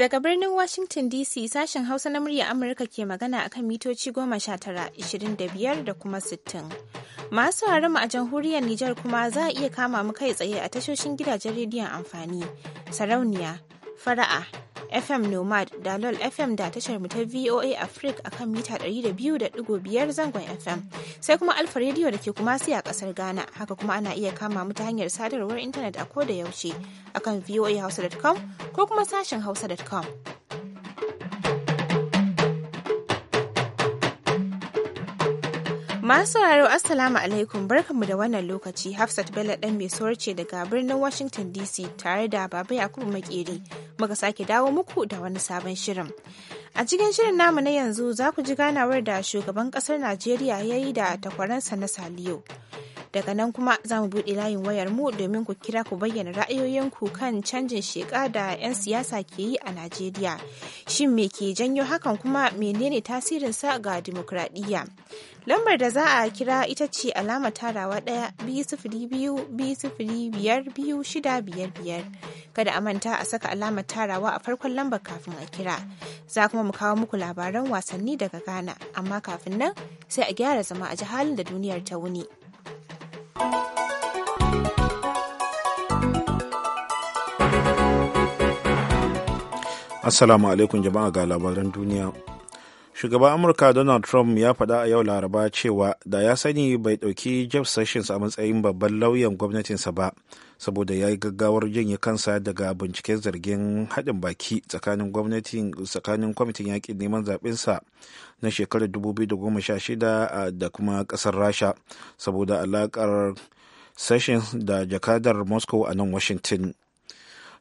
Daga birnin Washington DC sashen Hausa na murya Amurka ke magana akan mitoci goma sha tara, ishirin da biyar da kuma sittin. Masu mu a jamhuriyar Nijar kuma za a iya kama mu kai tsaye a tashoshin gidajen rediyon amfani, sarauniya, fara'a fm nomad da lol fm da tashar mu ta voa africa akan mita 200.5 zangon fm sai kuma alfa radio da ke kuma a kasar ghana haka kuma ana iya kama mu ta hanyar sadarwar intanet a koda yaushe akan voa hausa.com ko kuma sashen hausa.com Masu sauraro Assalamu alaikum barkanmu da wannan lokaci Hafsat Bello ɗan mai ce daga birnin Washington DC tare da Baba Yakubu Makeri muka sake dawo muku da wani sabon shirin. A cikin shirin namu na yanzu za ku ji ganawar da shugaban ƙasar Najeriya ya yi da takwaransa na Saliyo. daga nan kuma za mu buɗe layin wayar mu domin ku kira ku bayyana ra'ayoyinku kan canjin sheka da 'yan siyasa ke yi a najeriya shin me ke janyo hakan kuma menene tasirin sa ga dimokuraɗiyya lambar da za a kira ita ce alama tarawa ɗaya biyu sifili biyu biyu sifili biyar biyu shida biyar biyar kada a manta a saka alamar tarawa a farkon lambar kafin a kira za kuma mu kawo muku labaran wasanni daga ghana amma kafin nan sai a gyara zama a ji halin da duniyar ta wuni. Assalamu alaikum jama'a ga labaran duniya. Shugaban Amurka Donald Trump ya faɗa a yau Laraba cewa da ya sani bai ɗauki Jeff Sessions a matsayin babban lauyan gwamnatinsa ba. saboda ya yi gaggawar janye kansa daga binciken zargin haɗin baki tsakanin kwamitin yaƙin neman zaɓensa na shekarar 2016 da kuma ƙasar rasha saboda alaƙar sashen da jakadar moscow a nan washington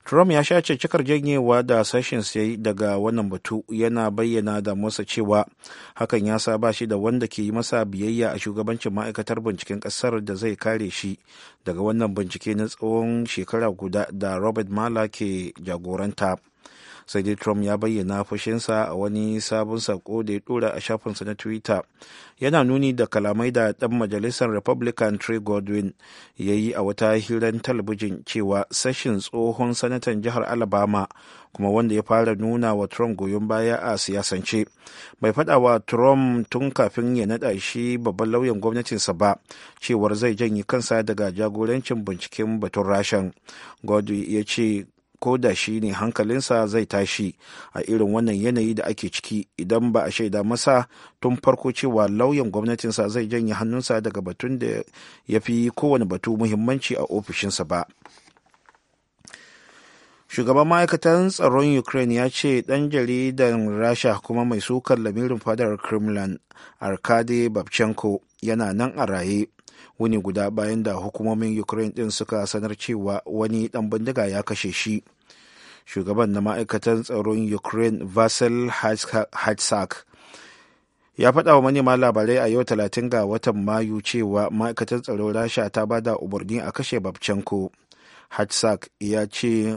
trump ya sha cikar janyewa da sashen sai daga wannan batu yana bayyana da masa cewa hakan ya sa ba da wanda ke yi masa biyayya a shugabancin ma'aikatar binciken kasar da zai kare shi daga wannan bincike na tsawon shekara guda da robert mala ke jagoranta sai dai trump ya bayyana fushinsa a wani sabon sako da ya dora a shafinsa na twitter yana nuni da kalamai da dan majalisar republican trey godwin ya yi a wata hirar talabijin cewa sashin tsohon sanatan jihar alabama kuma wanda ya fara nuna wa trump goyon baya a siyasance bai faɗa wa trump tun kafin ya naɗa shi babban lauyan gwamnatinsa ba cewar zai janye kansa daga jagorancin binciken batun rashan godwin ya ce ko da shi ne hankalinsa zai tashi a irin wannan yanayi da ake ciki idan ba a shaida masa tun farko cewa lauyan gwamnatinsa zai janye hannunsa daga batun da ya fi kowane batu muhimmanci a ofishinsa ba shugaban ma'aikatan tsaron ukraine ya ce ɗan jaridan rasha kuma mai sukar lamirin fadar kremlin arkady babchenko yana nan a raye wuni guda bayan da hukumomin ukraine din suka sanar cewa wani dan bindiga ya kashe shi shugaban na ma'aikatan tsaron ukraine vasil hatsak ya faɗa wa manema labarai a yau talatin ga watan mayu cewa ma'aikatan tsaron rasha ta ba da umarni a kashe babchenko hatsak ya ce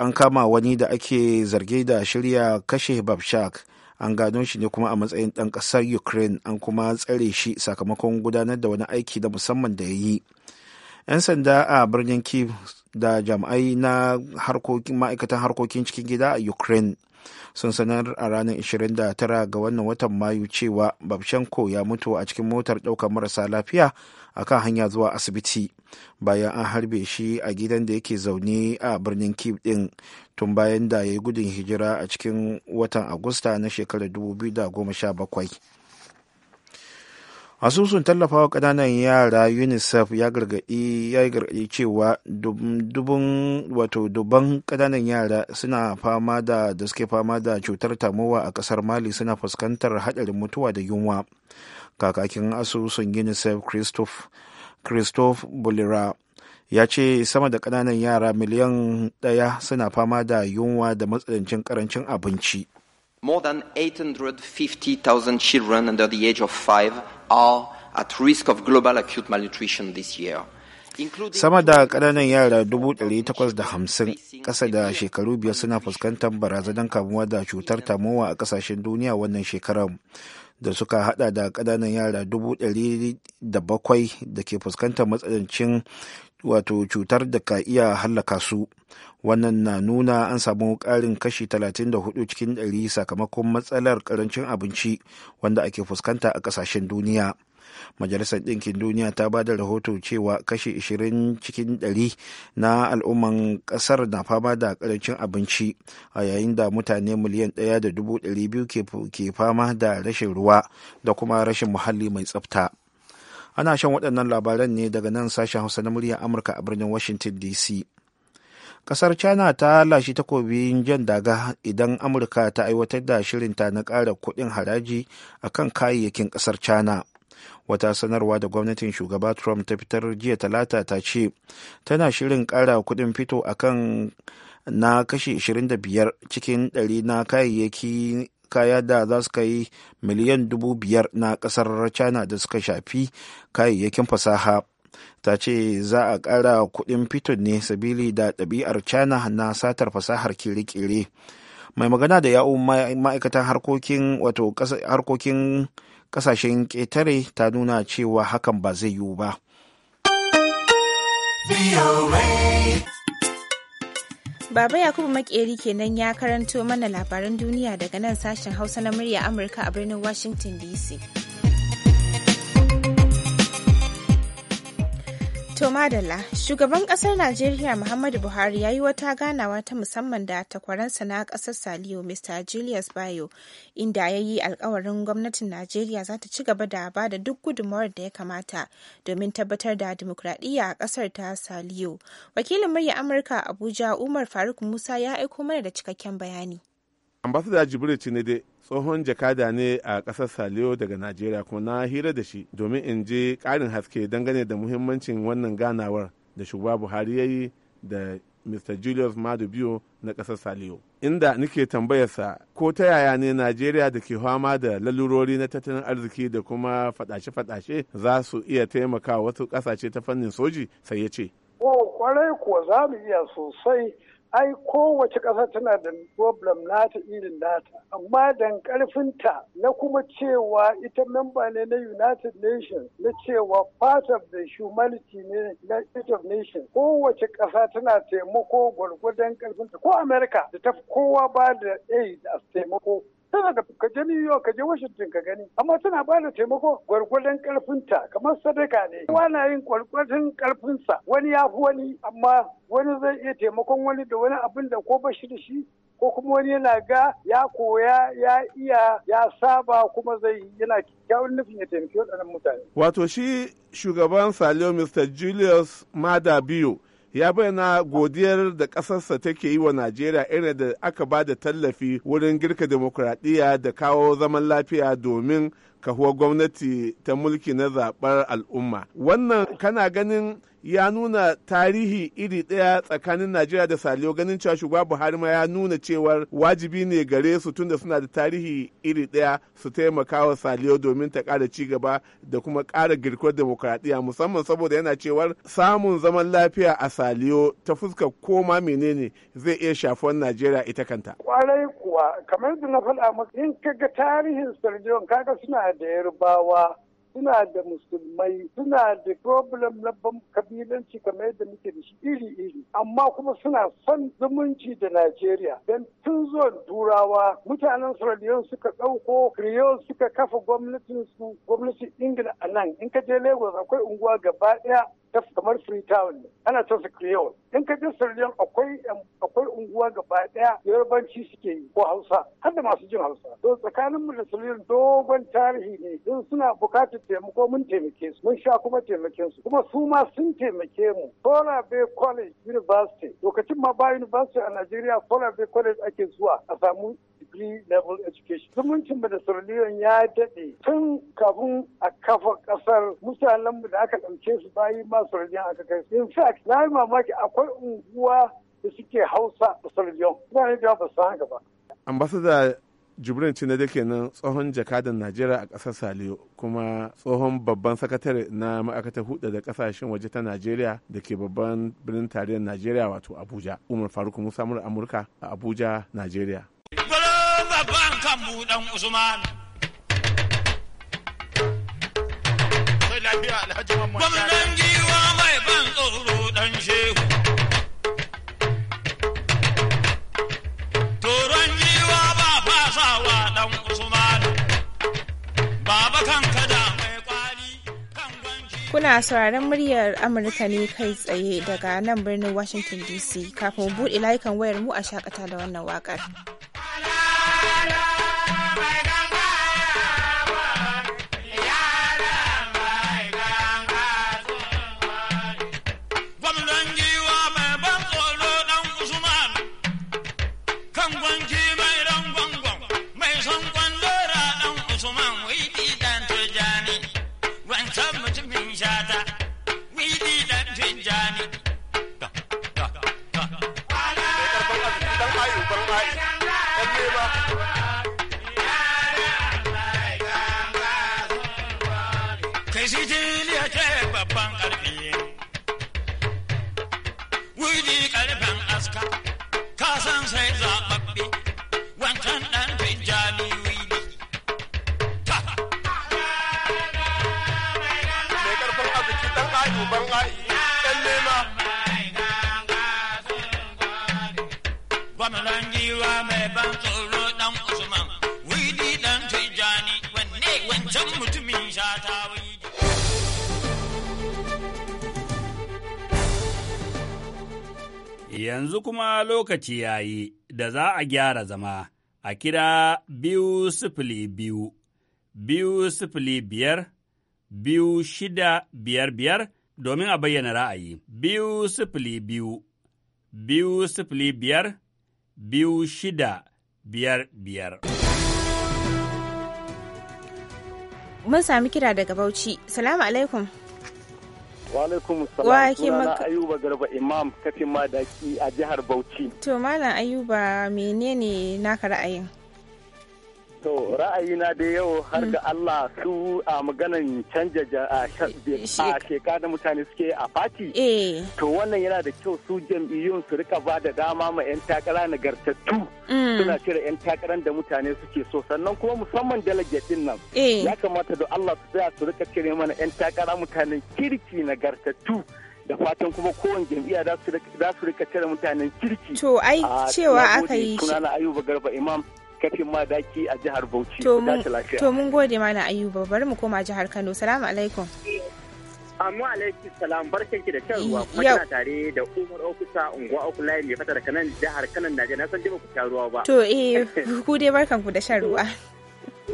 an kama wani da ake zarge da shirya kashe babshak an gano shi ne kuma a matsayin ɗan ƙasar ukraine an kuma tsare shi sakamakon gudanar da wani aiki da musamman da ya yi 'yan sanda a birnin kiev da jami'ai na ma'aikatan harkokin cikin gida a ukraine sun sanar a ranar 29 ga wannan watan mayu cewa babshenko ya mutu a cikin motar ɗaukar marasa lafiya a kan hanya zuwa asibiti bayan an harbe shi a gidan da yake zaune a birnin kiv ɗin tun bayan da ya yi gudun hijira a cikin watan agusta na shekarar 2017 asusun tallafawa ƙananan yara unicef ya gargaɗi cewa dubban ƙananan yara suna fama da da suke fama da cutar tamowa a ƙasar mali suna fuskantar haɗarin mutuwa da yunwa kakakin asusun unicef christophe bolira ya ce sama da ƙananan yara miliyan ɗaya suna fama da yunwa da matsanancin ƙarancin abinci More than 850,000 children under the age of five are at risk of global acute malnutrition this year. Sama da ƙananan yara ƙasa da shekaru biyar suna fuskantar barazanar kamuwa da cutar tamowa a ƙasashen duniya wannan shekarar da suka hada da ƙananan yara da ke fuskantar wato cutar da ka iya hallaka su wannan na nuna an samu ƙarin kashi 34 cikin 100 sakamakon matsalar ƙarancin abinci wanda ake fuskanta a ƙasashen duniya majalisar ɗinkin duniya ta ba da rahoto cewa kashi 20 cikin 100 na al'umman ƙasar na fama da ƙarancin abinci a yayin da mutane miliyan 1.200 ke fama da rashin ruwa da kuma rashin muhalli mai tsafta ana shan waɗannan labaran ne daga nan sashen hausa na muryar amurka a birnin washington dc kasar china ta lashe takobin jan daga idan amurka ta aiwatar da shirinta na ƙara kuɗin haraji a kan kayayyakin kasar china wata sanarwa da gwamnatin shugaba trump ta fitar jiya talata ta ce tana shirin ƙara kuɗin fito a kan na kashi 25 cikin 100 na kayayyaki kaya da za su kai miliyan 5,000 na ƙasar china da suka shafi kayayyakin fasaha ta ce za a ƙara kuɗin fiton ne sabili da ɗabi'ar china na satar fasahar kere mai magana da yawun ma'aikatan harkokin wato harkokin kasashen ƙetare ta nuna cewa hakan ba zai yiwu ba Baba Yakubu Makeri kenan ya karanto mana labaran duniya daga nan sashen Hausa na murya Amurka a birnin Washington DC. To Madalla, shugaban ƙasar Najeriya Muhammadu Buhari ya yi wata ganawa ta musamman da takwaransa na ƙasar Saliyo Mr. Julius Bayo, inda ya yi alkawarin gwamnatin Najeriya za ta ci gaba da ba da duk gudunmawar da ya kamata domin tabbatar da demokradiyya a ƙasar ta Saliyo. Wakilin murya Amurka Abuja Umar Faruk Musa ya aiko mana da cikakken bayani. ambasada jibril dai tsohon jakada ne a kasar saliyo daga najeriya kuma na hira da shi domin in je karin haske dangane da muhimmancin wannan ganawar da shugaba buhari ya yi da mr julius madubio na kasar saliyo inda nike tambayarsa ko ta yaya ne najeriya da ke fama da lalurori na tattalin arziki da kuma fadace-fadace za su iya taimaka wasu ƙasashe ta fannin soji sai ya ce kwarai kuwa za mu iya sosai ai kowace ƙasa tana da problem nata irin nata amma dan ƙarfinta na kuma cewa ita memba ne na united nations na cewa part of the humanity ne na of nation kowace ƙasa tana taimako gwargwadon ƙarfinta ko america da ta kowa ba da aid a taimako tana da ka je New York ka je Washington ka gani amma tana ba da taimako gwargwadon karfinta kamar sadaka ne kowa na yin gwargwadon karfinsa wani ya fi wani amma wani zai iya taimakon wani da wani abin da ko bashi da shi ko kuma wani yana ga ya koya ya iya ya saba kuma zai yana kyawun nufin ya taimaki waɗannan mutane. Wato shi shugaban Saliyo Mr. Julius Mada Biyo ya bayyana godiyar da ƙasarsa take yi wa najeriya irin da aka ba da tallafi wurin girka demokuraɗiyya da kawo zaman lafiya domin kahuwar gwamnati ta mulki na zaɓar al'umma wannan kana ganin ya nuna tarihi iri ɗaya tsakanin najeriya da saliyo ganin cewa shugaba buhari ma ya nuna cewar wajibi ne gare su tunda suna da tarihi iri ɗaya su taimaka wa saliyo domin ta ƙara ci gaba da kuma ƙara girkuwar demokradiyya musamman saboda yana cewar samun zaman lafiya a saliyo ta fuska koma menene zai iya shafuwar najeriya ita kanta yawa kamar da na faɗa maka in kaga tarihin sarjiyon kaga suna da yarbawa suna da musulmai suna da problem na kabilanci kamar yadda muke da shi iri-iri amma kuma suna son zumunci da Najeriya don tun zuwan turawa mutanen Sierra suka ɗauko Creole suka kafa gwamnatin su gwamnatin Ingila a nan in ka je Lagos akwai unguwa gaba ɗaya kamar freetown ne ana ta su creole in ka je sierra akwai akwai unguwa gaba daya yarbanci suke yi ko hausa har da masu jin hausa to tsakanin mu da dogon tarihi ne din suna bukatar taimako mun taimake su mun sha kuma taimakin su kuma su ma sun taimake mu Kola Bay College University lokacin ma ba university a nigeria Kola Bay College ake zuwa a samu degree level education. Zumuncin da Sierra ya daɗe tun kafin a kafa ƙasar mutanenmu da aka ɗauke su bayi ma su rajin aka kai in fact na yi mamaki akwai unguwa da suke hausa da rajin mutane da ba su haka ba ambasada jibrin kenan tsohon jakadan najeriya a ƙasar saliyo kuma tsohon babban sakatare na ma'aikatar hudu da kasashen waje ta najeriya da ke babban birnin tarihin najeriya wato abuja umar faruk musa amurka a abuja najeriya babban kan usman lafiya alhaji mamman gwamnan giwa mai ban tsoro dan shehu toron giwa ba fasawa baba kan kada mai kwali kan gwanji kuna sauraron muryar amurka ne kai tsaye daga nan birnin washington dc kafin buɗe layukan wayar mu a shakata da wannan waƙar. yanzu kuma lokaci ya yi da za a gyara zama a kira biyu sifili biyu, biyu sifili biyar, biyu shida biyar biyar domin a bayyana ra'ayi, biyu sifili biyu, biyu sifili biyar, biyu shida biyar biyar. Mun sami kira daga Bauchi, salamu alaikum. Walaikum salam sunana Ayuba Garba Imam Katin Madaki a jihar Bauchi. To Malam Ayuba menene naka ra'ayin? To ra'ayina da yau har hmm. ga Allah su a maganan canja eh, a sheka da mutane suke a fati. Eh. To wannan yana da kyau su jam'iyyun su rika ba da dama ma 'yan takara nagartattu hmm. suna cire 'yan takaran da mutane suke so sannan kuma musamman delegate nan. Eh. Ya kamata da Allah su tsaya su rika cire mana 'yan takara mutanen kirki nagartattu. da fatan kuma kowane jam'iyya za su rika cire mutanen kirki. To ai ah, cewa aka yi shi. Sunana Ayuba Garba Imam. kafin ma daki a jihar Bauchi. ta lafiya. To mun gode mana Ayuba bari mu koma jihar Kano. Salamu alaikum. Amma alaikum salam barkanki da shan ruwa kuma kina tare da Umar Okusa unguwa Okulai mai fata da kanan jihar Kano Najeriya na san dai ba ku sha ruwa ba. To eh ku dai barkanku da shan ruwa.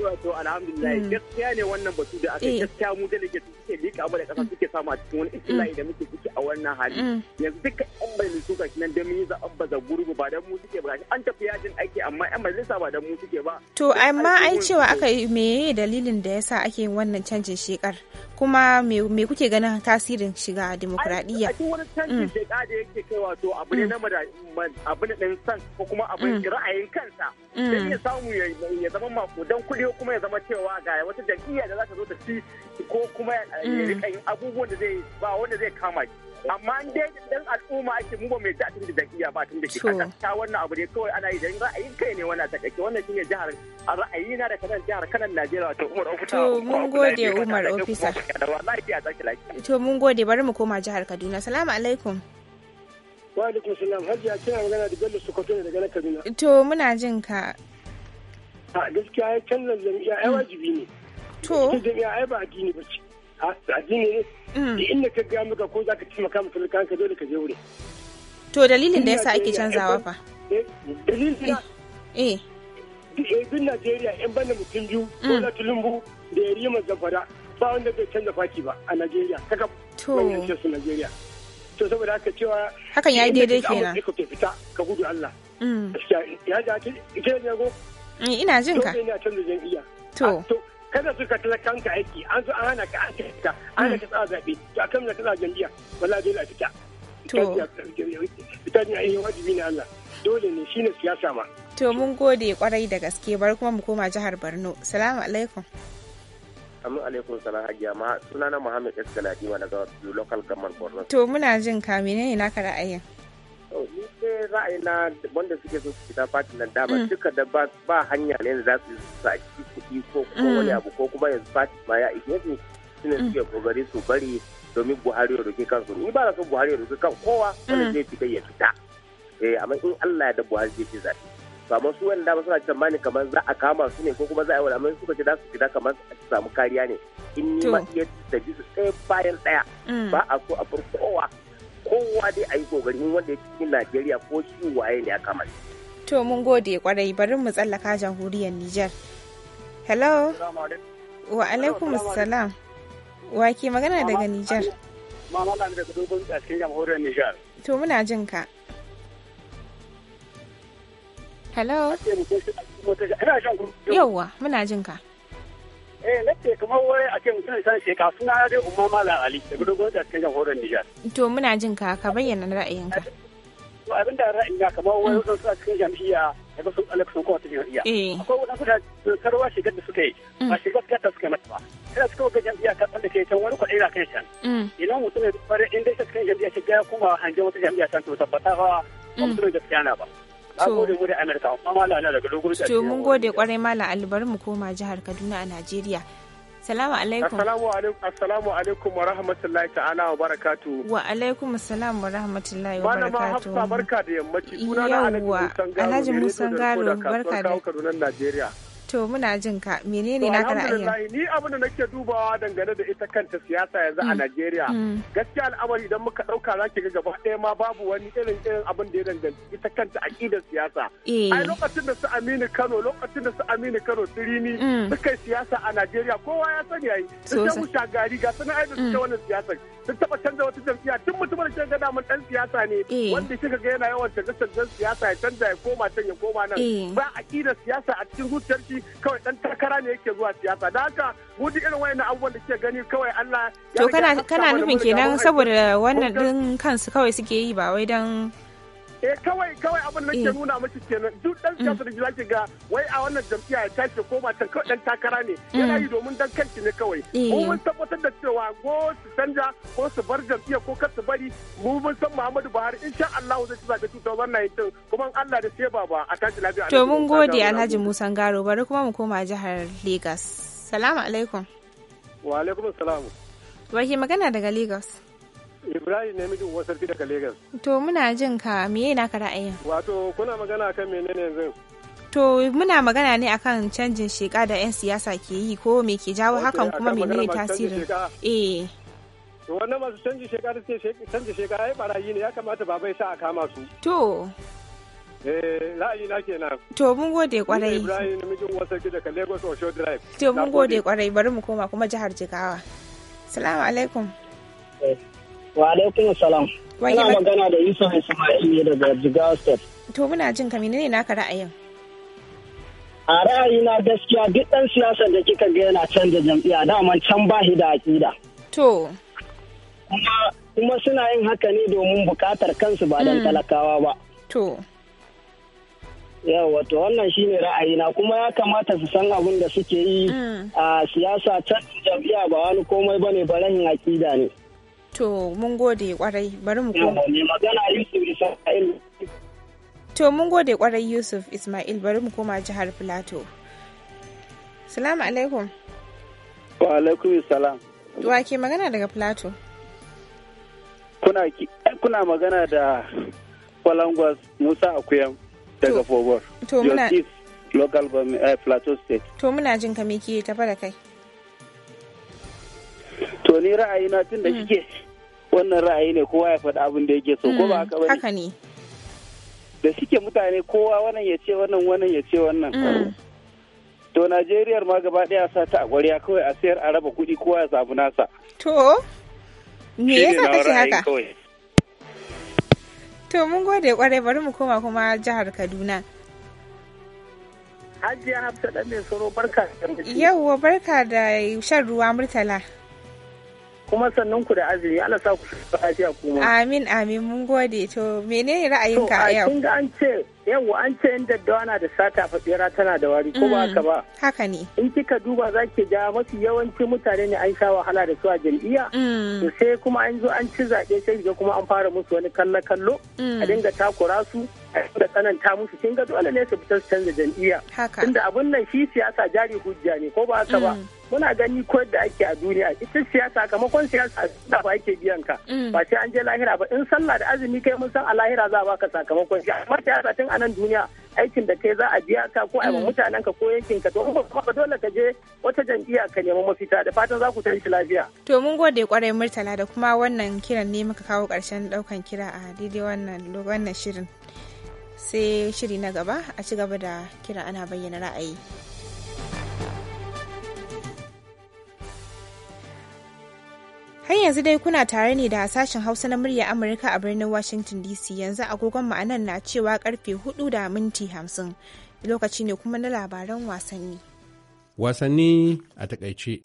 wato alhamdulillah hmm. gaskiya ne wannan batu da aka eh. gaskiya mu delegate suke lika mu da kasa hmm. suke samu a cikin wani hmm. istilahi da muke ciki a wannan hali yanzu duka yan majalisu ga nan da mun yi zaɓen baza gurgu ba dan mu suke ba an tafi yajin aiki amma yan majalisa ba dan mu suke ba to amma ai cewa aka yi eh. meye dalilin da yasa ake wannan canjin shekar kuma me kuke ganin tasirin shiga demokradiyya a cikin wani canjin shekar da yake kai wato abu ne na abu ne din san ko kuma abu ra'ayin kansa sai ya samu ya zama makudan kuɗi biyu kuma ya zama cewa ga wata jam'iyya da za ta zo ta ci ko kuma ya mm. rika yin abubuwan da zai ba wanda zai kama shi amma in dai dan al'umma ake mu ba mai da da jam'iyya ba tun da shi kaka ta wannan abu ne kawai ana yi da ra'ayin kai ne wannan kake wannan shine jihar ra'ayi na da kanan jihar kanan Najeriya wato Umar Ofisa to mun gode Umar Ofisa to mun gode bari mu koma jihar Kaduna salamu alaikum wa alaikum salam hajiya kina magana da Bello Sokoto daga Kaduna to muna jin ka a gaskiya ya canza jami'a ai mm. wajibi ne to jami'a ai ba addini ba ce addini ne mm. inda ka ga maka ko zaka ci maka kan ka dole ka je wuri to dalilin da yasa ake canzawa fa eh, dalilin eh. Eh. eh duk Najeriya in banda mutum biyu ko mm. na tulumbu da ya rima zamfara ba wanda bai canza faki ba a Najeriya kaka wannan su Najeriya to saboda haka cewa hakan yi daidai kenan ka gudu Allah ya ja ki ke ne go ina jin ka ina canza jam'iyya to kada su ka talakan kanka aiki an zo an hana ka an ka an hana ka tsara zabe to akan na tsara jam'iyya wallahi dole a fita to fita ne ai wajibi na Allah dole ne shine siyasa ma to mun gode kwarai da gaske bar kuma mu koma jihar Borno salamu alaikum Amin alaikum sana hajiya ma sunana Muhammad Eskaladi ma daga local government Borno to muna jin ka menene naka ra'ayin ni dai ra'ayi na wanda suke so su fita fati nan dama mm. duka da ba hanya ne da za su saki kuɗi ko kuma mm. wani abu ko kuma yanzu fati ma ya ishe su suna mm. suke kokari su bari domin buhari ya roki kansu ni ba na so buhari ya roƙi kan kowa wani zai fita ya fita eh amma in Allah ya da buhari zai ci zaɓe kamar su wanda dama suna tsammani kamar za a kama su ne ko kuma za a yi wani amma suka ce za su fita kamar a samu kariya ne in ni ma iya tafi su ɗaya bayan ɗaya ba a so a kowa. kowa dai a yi kokarin wanda ya cikin najeriya ko shi waye ne ya kamata to mun gode kwarai barin mu tsallaka jamhuriyar niger hello wa alaikum salam wa ke magana daga niger mama na daga dogon a cikin jamhuriyar niger to muna jin ka hello yauwa muna jin ka Eh, nake kamar wai a ce mutum san suna dai umma Ali da gudun gwamnati cikin jamhuriyar Nijar. To muna jin ka ka bayyana ra'ayinka. To abin da ra'ayin na kamar wai wajen suna cikin jam'iyya daga sun sun jam'iyya. Eh. Akwai da sarwa shigar da suka yi mm. ba shigar ta suka mata ba. cikin wajen jam'iyya ta tsanda ke can wani kwaɗe na kai mm. Idan mutum ya fara inda ta cikin jam'iyya shiga kuma hangen wata jam'iyya can to tabbata ba mutum da gaskiya ba. To mun gode kwarai Malam Ali bari mu koma jihar Kaduna a Najeriya. Salamu alaikum. Assalamu alaikum wa rahmatullahi ta'ala wa barakatu. Wa alaikum assalam wa rahmatullahi wa barakatu. Malama Hafsa barka da yammaci. Sunana Alhaji Musa Garo. Garo barka da. Kaduna Najeriya. To muna jin ka menene na kana ra'ayin? Ni abin da nake dubawa dangane da ita kanta siyasa yanzu a mm. Najeriya. Mm. Gaskiya al'amari idan muka dauka za ga gaba ɗaya ma babu wani irin irin abin da ya danganci ita kanta aqidar siyasa. Eh. Ai lokacin da su Aminu Kano lokacin da su Aminu Kano Tirini mm. suka siyasa a Najeriya kowa ya sani yayi. Su shagari ga sana'ai da suke wannan siyasar. duk taba canza wata jam'iyya tun mutumin da ga damar dan siyasa ne eh. wanda kika ga yana yawan canza canza siyasa ya canza ya koma can ya koma nan eh. ba kira siyasa a cikin zuciyar shi kawai dan takara ne yake zuwa siyasa da haka mu duk irin wayannan abubuwan da kike gani kawai Allah ya kana kana nufin kenan saboda wannan din kansu kawai suke yi ba wai dan eh kawai kawai abin nake eh. nuna miki kenan duk dan mm. siyasa da zaki ga wai a wannan jam'iyya ya tashi ko ba ta kawai dan takara ne mm. yana yi domin dan kanki ne kawai eh. mu mun tabbatar da cewa ko su canja ko su bar jam'iyya ko kar su bari mu mun san Muhammadu Buhari insha Allah zai ci zabe 2019 kuma Allah da sai baba a tashi lafiya to mun gode Alhaji Musa Garo bari kuma mu koma jihar Lagos salamu alaikum wa alaikum salam wai magana daga Lagos Ibrahim ne mijin wasar sarki daga Legas. To muna jin ka na naka ra'ayin? Wato kuna magana akan menene yanzu? To muna magana ne akan canjin sheka da 'yan siyasa ke yi ko me ke jawo hakan kuma menene tasirin? Eh. To wannan masu canjin sheka da suke canjin sheka ai barayi ne ya kamata ba bai sa a kama su. To. Eh ra'ayi na kenan. To mun gode kwarai. Ibrahim ne mijin uwar sarki daga Lagos Osho Drive. To mun gode kwarai bari mu koma kuma jihar Jigawa. Salamu alaikum. Eh. Wa alaikum salam. Ina magana da Yusuf Ismail ne daga Jigawa State. To muna jin ka menene naka ra'ayin? A ra'ayina gaskiya duk ɗan siyasar da kika ga yana canza jam'iyya daman can ba shi da aƙida. To. Kuma suna yin haka ne domin buƙatar kansu ba don mm. talakawa ba. To. yawa to wannan shine ra'ayina kuma ya kamata su san abin da suke yi mm. a siyasa can jam'iyya ba wani komai bane ba rahin aƙida ne. To mun gode kwarai bari mu To mun gode kwarai Yusuf Ismail bari mu koma jihar Filato. Salamu alaikum. Wa alaikum salam. Wa ke magana daga Filato? Kuna, eh, kuna magana da Kwalangwas Musa Akuyam daga Fogor. To muna. Local Government Plateau eh, State. To muna jin ka me ke tafa da kai. to ni ra'ayina tun da shike hmm. wannan ra'ayi ne kowa ya faɗi abin da yake so ko ba hmm. haka bane haka ne da shike mutane kowa wannan ya ce wannan wannan ya ce wannan hmm. to Najeriya ma gaba ɗaya sa ta a ƙwarya kawai a sayar a raba kuɗi kowa ya samu nasa to me yasa kake haka to mun gode kwarai bari mu koma kuma jihar Kaduna Hajiya Hafsa ɗan mai soro barka da Yawwa barka da shan ruwa Murtala. kuma sannan ku da azumi Allah sa ku lafiya kuma amin amin mun gode to menene ra'ayinka a yau kinga an ce yau an ce in daddawa na da sata a fatsira tana da wari ko ba mm. haka ba haka ne in kika duba zaki ki ga mafi yawanci mutane ne an sha wahala da su a jam'iyya mm. to sai kuma an zo an ci zaɓe sai ga kuma an fara musu wani kallo kallo mm. a dinga takura su a da tsananta musu kin ga dole ne su fitar canza jam'iyya tunda abun nan shi siyasa jari hujja ne ko ba haka ba muna gani ko da ake a duniya ita siyasa kamakon siyasa da ba ake biyan ka mm. ba sai an je lahira ba in sallah da azumi kai mun san a lahira za a baka sakamakon shi amma siyasa tun anan duniya aikin da kai za a biya ka ko a yi mm. mutanen ka ko yankin ka to ba dole ka je wata jam'iyya ka nemi mafita da fatan za ku tashi lafiya to mun gode kwarai murtala da kuma wannan kiran ne muka kawo karshen daukan kira a daidai wannan wannan shirin sai shiri na gaba a ci gaba da kira ana bayyana ra'ayi Har yanzu dai kuna tare ne da sashen Hausa na murya Amurka a birnin Washington DC yanzu agogon ma'anar na cewa karfe 4 da minti 50 lokaci ne kuma na labaran wasanni. Wasanni a takaice.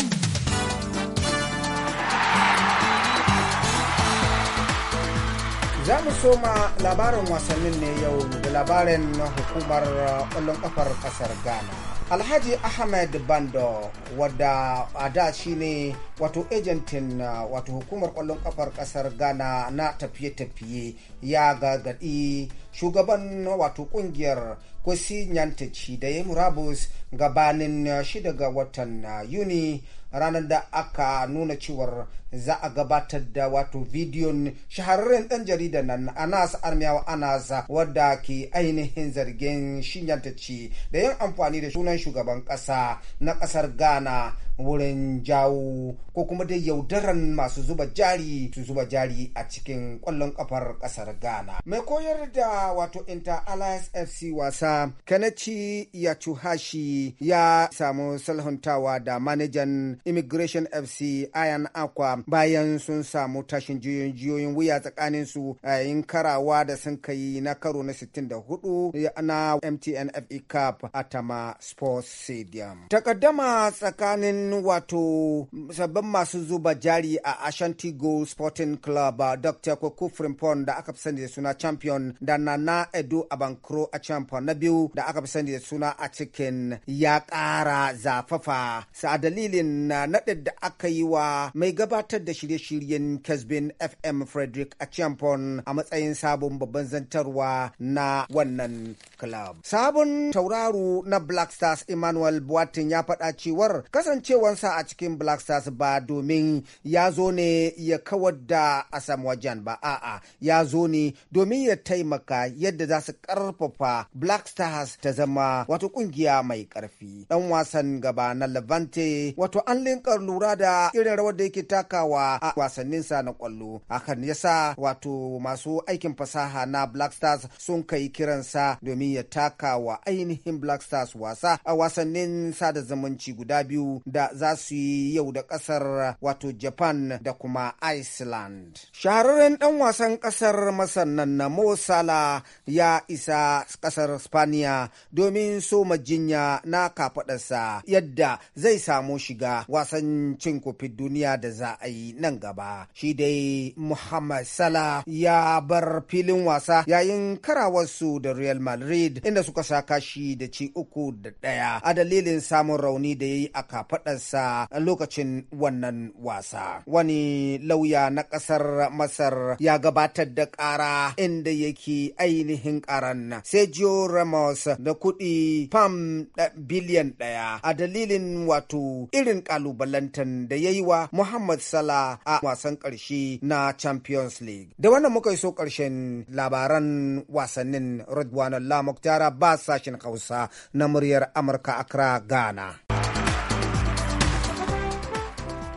za mu soma labarin wasannin ne yau da labarin hukumar kwallon ƙafar ƙasar ghana alhaji ahmed bando wadda a da shi ne wato ejentin uh, wato hukumar kwallon kafar kasar ghana na tafiye-tafiye ya gargaɗi shugaban wato kungiyar kwasi nyantici da ya murabus gabanin uh, shi daga watan uh, yuni ranar da aka nuna cewar za a gabatar da wato bidiyon shahararren dan jarida nan anas armiyawa anas wadda ke ainihin zargin shi shinyantaci da yin amfani da sunan shugaban kasa na kasar ghana wurin jawo ko kuma da yaudaran masu zuba jari su zuba jari a cikin kwallon kafar kasar ghana mai koyar da wato inter alliance fc wasa kanachi ya cuhashi ya samu salhantawa da manajan immigration fc ayan akwa bayan sun samu tashin jiyoyin wuya tsakanin su yayin karawa da sun kai na karo na 64 na mtn fe cup atama sports stadium takaddama tsakanin wato sabbin masu zuba jari a Ashanti Gold Sporting Club uh, Dr. Kwaku Frimpon da aka fi sani da suna champion da Nana Edo Abankro a champion na biyu da aka fi sani da suna a cikin ya kara zafafa. Sa dalilin na uh, naɗin da aka yi wa mai gabatar da shirye-shiryen Kesbin FM Frederick a champion a matsayin sabon babban zantarwa na wannan club. Sabon tauraro na Black Stars Emmanuel Buatin ya faɗa cewar kasancewa kasancewansa a cikin Black Stars ba domin ya zo ne ya kawar da Asam wajen ba a'a ya zo ne domin ya taimaka yadda za su karfafa Black Stars ta zama wato kungiya mai karfi. Dan wasan gaba na Levante wato an linkar lura da irin rawar da yake takawa a wasanninsa na kwallo. Hakan yasa wato masu aikin fasaha na Black Stars sun kai kiransa domin ya taka wa ainihin Black Stars wasa a wasannin sada zumunci guda biyu da za su yi yau da kasar wato Japan da kuma Iceland. Shahararren dan wasan kasar masannan nan na mosala ya isa kasar Spaniya domin soma jinya na kafaɗarsa yadda zai samu shiga wasan cin kofin duniya da za a yi nan gaba. Shi dai Muhammad sala ya bar filin wasa yayin karawarsu da Real Madrid inda suka sa kashi da ci uku da daya a dalilin samun rauni da ya yi a kafadar faɗarsa lokacin wannan wasa. Wani lauya na ƙasar Masar ya gabatar da ƙara inda yake ainihin ƙaran Sergio Ramos da kuɗi fam biliyan ɗaya a dalilin wato irin ƙalubalantan da ya yi wa Muhammad Salah a wasan ƙarshe na Champions League. Da wannan muka so ƙarshen labaran wasannin Ridwan Allah Muktara ba sashen Hausa na muryar Amurka Accra, Ghana.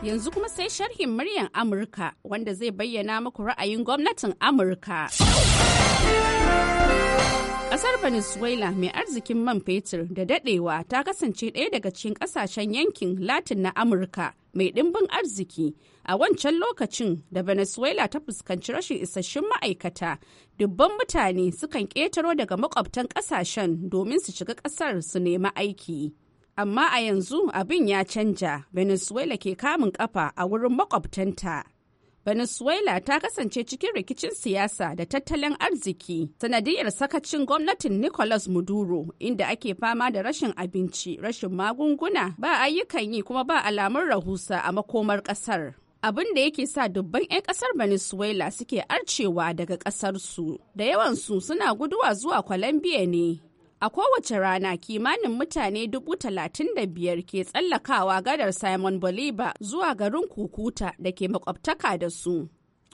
Yanzu kuma sai sharhin muryan Amurka wanda zai bayyana muku ra'ayin gwamnatin Amurka. Kasar Venezuela mai arzikin man fetur da dadewa ta kasance ɗaya daga cikin ƙasashen yankin Latin na Amurka mai ɗimbin arziki a wancan lokacin da Venezuela ta fuskanci rashin isasshun ma'aikata. Dubban mutane sukan ƙetaro daga makwabtan ƙasashen domin su shiga ƙasar su nemi aiki. amma a yanzu abin ya canja venezuela ke kamun kafa a wurin makwabtanta venezuela ta kasance cikin rikicin siyasa da tattalin arziki sanadiyar sakacin gwamnatin nicolas maduro inda ake fama da rashin abinci rashin magunguna ba ayyukan yi kuma ba alamun rahusa a makomar kasar abin da yake sa dubban 'yan kasar venezuela suke arcewa daga kasarsu da yawansu suna guduwa zuwa colombia ne A kowace rana kimanin mutane dubu talatin da biyar ke tsallakawa gadar Simon Bolivar zuwa garin Kukuta da ke makwabtaka da su.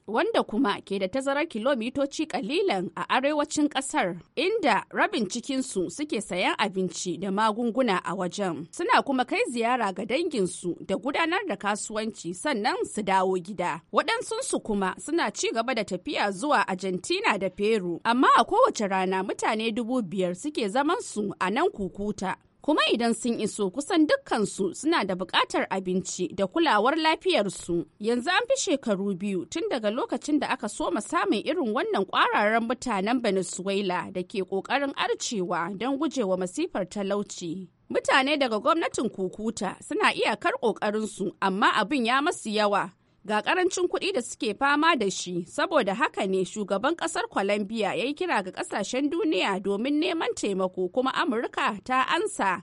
wanda kuma ke da tazarar kilomitoci kalilan a arewacin kasar inda rabin cikinsu suke sayan abinci da magunguna a wajen suna kuma kai ziyara ga danginsu da gudanar da kasuwanci sannan su dawo gida waɗansunsu kuma suna ci gaba da tafiya zuwa argentina da peru amma a kowace rana mutane dubu biyar suke zaman su a nan kukuta kuma idan sun iso kusan dukkansu suna da buƙatar abinci da kulawar lafiyarsu yanzu an fi shekaru biyu tun daga lokacin da aka soma samun irin wannan ƙwararren mutanen venezuela da ke ƙoƙarin arcewa don gujewa masifar talauci mutane daga gwamnatin kukuta suna iyakar ƙoƙarinsu amma abin ya masu yawa ga karancin kuɗi da suke fama da shi saboda haka ne shugaban ƙasar colombia ya yi kira ga ƙasashen duniya domin neman taimako kuma amurka ta ansa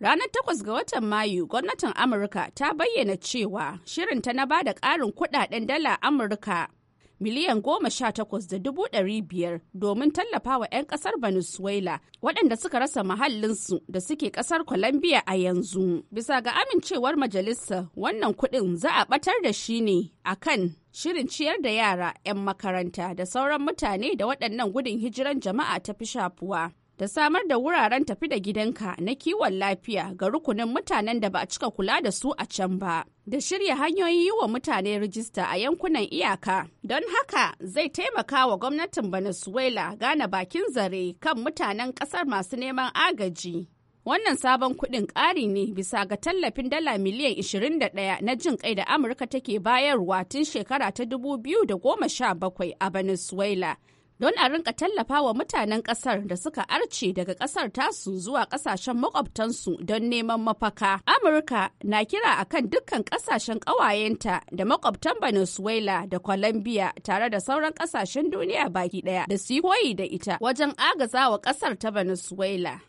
ranar 8 ga watan mayu gwamnatin amurka ta bayyana cewa shirinta na ba da ƙarin kuɗaɗen dala amurka miliyan goma sha takwas da dubu ɗari biyar domin tallafawa 'yan ƙasar Venezuela waɗanda suka rasa mahallinsu da suke ƙasar Colombia a yanzu. Bisa ga amincewar majalisa wannan kuɗin za a ɓatar da shi ne a kan shirin ciyar da yara 'yan makaranta da sauran mutane da waɗannan gudun hijiran jama'a ta fi shafuwa. da samar da wuraren tafi da gidanka na kiwon lafiya ga rukunin mutanen da ba a cika kula da su a can ba da shirya hanyoyi yi wa mutane rijista a yankunan iyaka don haka zai taimaka wa gwamnatin venezuela gane bakin zare kan mutanen kasar masu neman agaji wannan sabon kuɗin ƙari ne bisa ga tallafin dala miliyan 21 na jin kai da amurka take bayarwa tun shekara ta 2017 a venezuela don a rinka tallafa wa mutanen kasar da suka arce daga kasar tasu zuwa kasashen makwabtansu don neman mafaka. Amurka na kira a kan dukkan kasashen ƙawayenta da makwabtan Venezuela da Colombia tare da sauran kasashen duniya baki daya da su koyi da ita wajen agaza wa kasar ta Venezuela.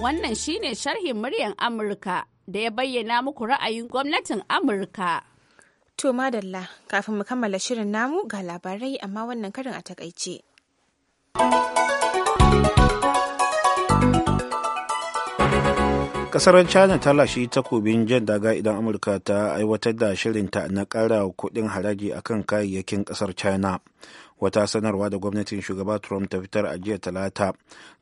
Wannan shine sharhin muryan Amurka da ya bayyana muku ra'ayin gwamnatin Amurka. To madalla kafin mu kammala shirin namu ga labarai amma wannan karin a takaice. Kasar China ta lashe takobin jan daga idan Amurka ta aiwatar da shirinta na ƙara kuɗin haraji akan kayayyakin ƙasar China. wata sanarwa da gwamnatin shugaba trump ta fitar a jiya talata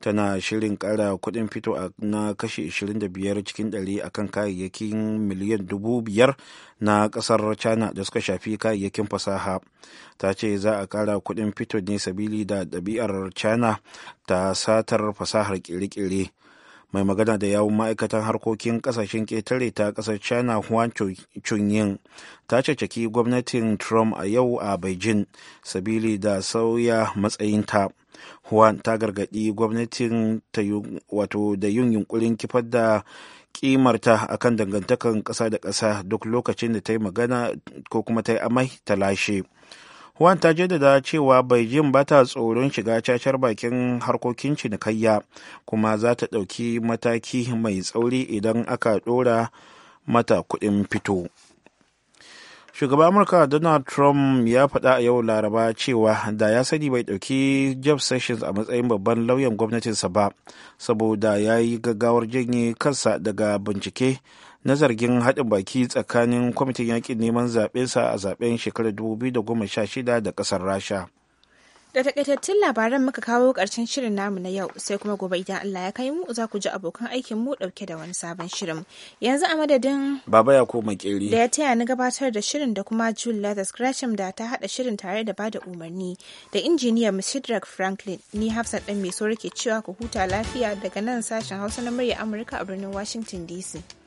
tana shirin kara kudin fito na kashi 25 cikin 100 akan kayayyakin miliyan dubu biyar na kasar china da suka shafi kayayyakin fasaha ta ce za a kara kudin fito ne sabili da ɗabi'ar china ta satar fasahar kere kire mai magana da yawun ma'aikatan harkokin kasashen ketare ta ƙasar china huan chunyin ta cacaki gwamnatin trump a yau a beijing sabili da sauya matsayinta huan ta gargaɗi gwamnatin wato da yin yunkurin kifar da kimarta akan dangantakan ƙasa da ƙasa duk lokacin da ta yi magana ko kuma ta yi amai ta lashe Huan ta jaddada cewa Beijing ba ta tsoron shiga cacar bakin harkokin cinikayya kuma za ta ɗauki mataki mai tsauri idan aka ɗora mata kuɗin fito. Shugaban Amurka Donald Trump ya faɗa a yau Laraba cewa da ya sani bai ɗauki Jeff Sessions a matsayin babban lauyan gwamnatinsa ba, saboda ya yi gaggawar janye kansa daga bincike na zargin haɗin baki tsakanin kwamitin yakin neman zaɓensa a zaɓen shekarar 2016 da ƙasar rasha da takaitattun labaran muka kawo ƙarshen shirin namu na yau sai kuma gobe idan Allah ya kai mu za ku ji abokan aikin mu ɗauke da wani sabon shirin yanzu a madadin baba ya koma ƙeri. da ya taya ni gabatar da shirin da kuma Jule Lathas Gresham da ta haɗa shirin tare da bada umarni da injiniya Sidrak Franklin ni Hafsat ɗan mai so rike cewa ku huta lafiya daga nan sashen Hausa na murya Amurka a birnin Washington DC.